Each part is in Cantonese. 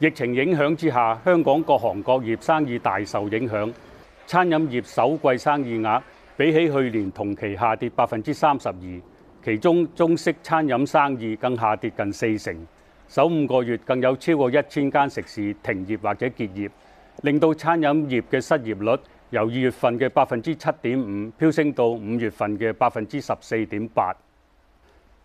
疫情影響之下，香港各行各業生意大受影響。餐飲業首季生意額比起去年同期下跌百分之三十二，其中中式餐飲生意更下跌近四成。首五個月更有超過一千間食肆停業或者結業，令到餐飲業嘅失業率由二月份嘅百分之七點五飆升到五月份嘅百分之十四點八。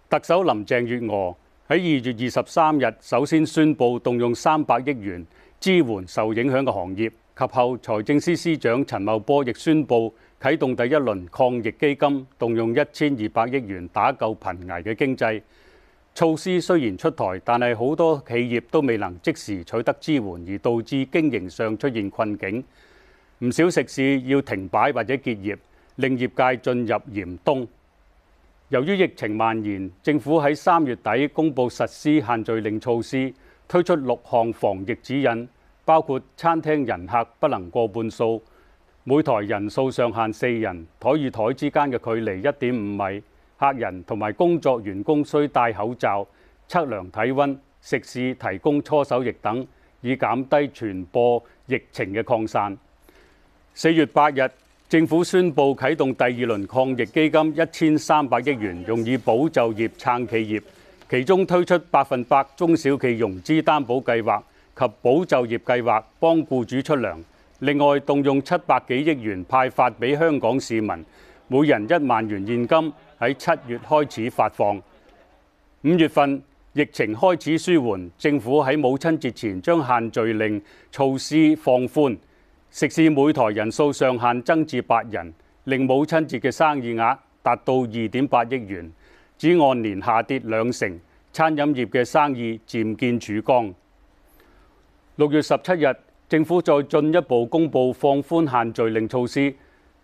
特首林鄭月娥，喺二月二十三日，首先宣布動用三百億元支援受影響嘅行業，及後財政司司長陳茂波亦宣布啟動第一輪抗疫基金，動用一千二百億元打救瀕危嘅經濟。措施雖然出台，但係好多企業都未能即時取得支援，而導致經營上出現困境。唔少食肆要停擺或者結業，令業界進入嚴冬。由於疫情蔓延，政府喺三月底公布實施限聚令措施，推出六項防疫指引，包括餐廳人客不能過半數，每台人數上限四人，台與台之間嘅距離一點五米，客人同埋工作員工須戴口罩、測量體温、食肆提供搓手液等，以減低傳播疫情嘅擴散。四月八日，政府宣布啟動第二輪抗疫基金一千三百億元，用以保就業撐企業。其中推出百分百中小企融資擔保計劃及保就業計劃，幫僱主出糧。另外動用七百幾億元派發畀香港市民，每人一萬元現金，喺七月開始發放。五月份疫情開始舒緩，政府喺母親節前將限聚令措施放寬。食肆每台人數上限增至八人，令母親節嘅生意額達到二點八億元，只按年下跌兩成。餐飲業嘅生意漸見曙光。六月十七日，政府再進一步公布放寬限聚令措施，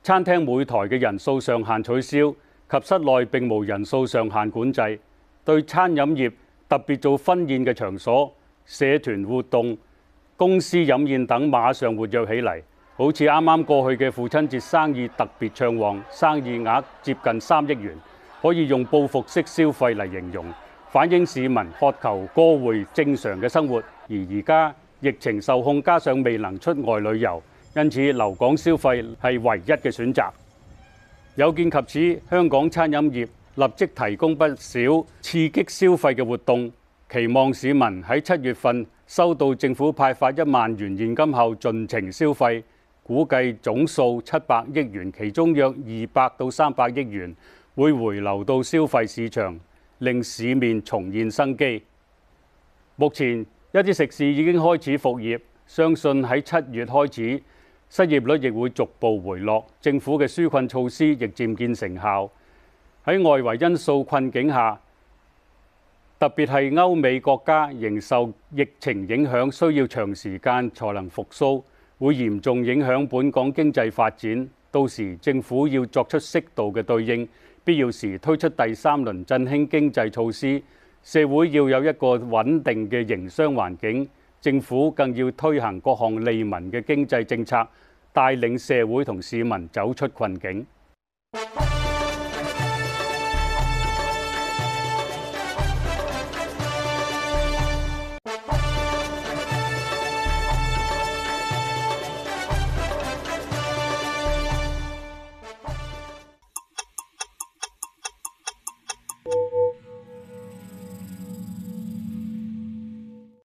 餐廳每台嘅人數上限取消，及室內並無人數上限管制，對餐飲業特別做婚宴嘅場所、社團活動。公司飲宴等馬上活躍起嚟，好似啱啱過去嘅父親節，生意特別暢旺，生意額接近三億元，可以用報復式消費嚟形容，反映市民渴求過回正常嘅生活。而而家疫情受控，加上未能出外旅遊，因此留港消費係唯一嘅選擇。有見及此，香港餐飲業立即提供不少刺激消費嘅活動。期望市民喺七月份收到政府派發一萬元現金後，盡情消費。估計總數七百億元，其中約二百到三百億元會回流到消費市場，令市面重現生機。目前一啲食肆已經開始復業，相信喺七月開始，失業率亦會逐步回落。政府嘅紓困措施亦漸見成效。喺外圍因素困境下，特別係歐美國家仍受疫情影響，需要長時間才能復甦，會嚴重影響本港經濟發展。到時政府要作出適度嘅對應，必要時推出第三輪振興經濟措施。社會要有一個穩定嘅營商環境，政府更要推行各項利民嘅經濟政策，帶領社會同市民走出困境。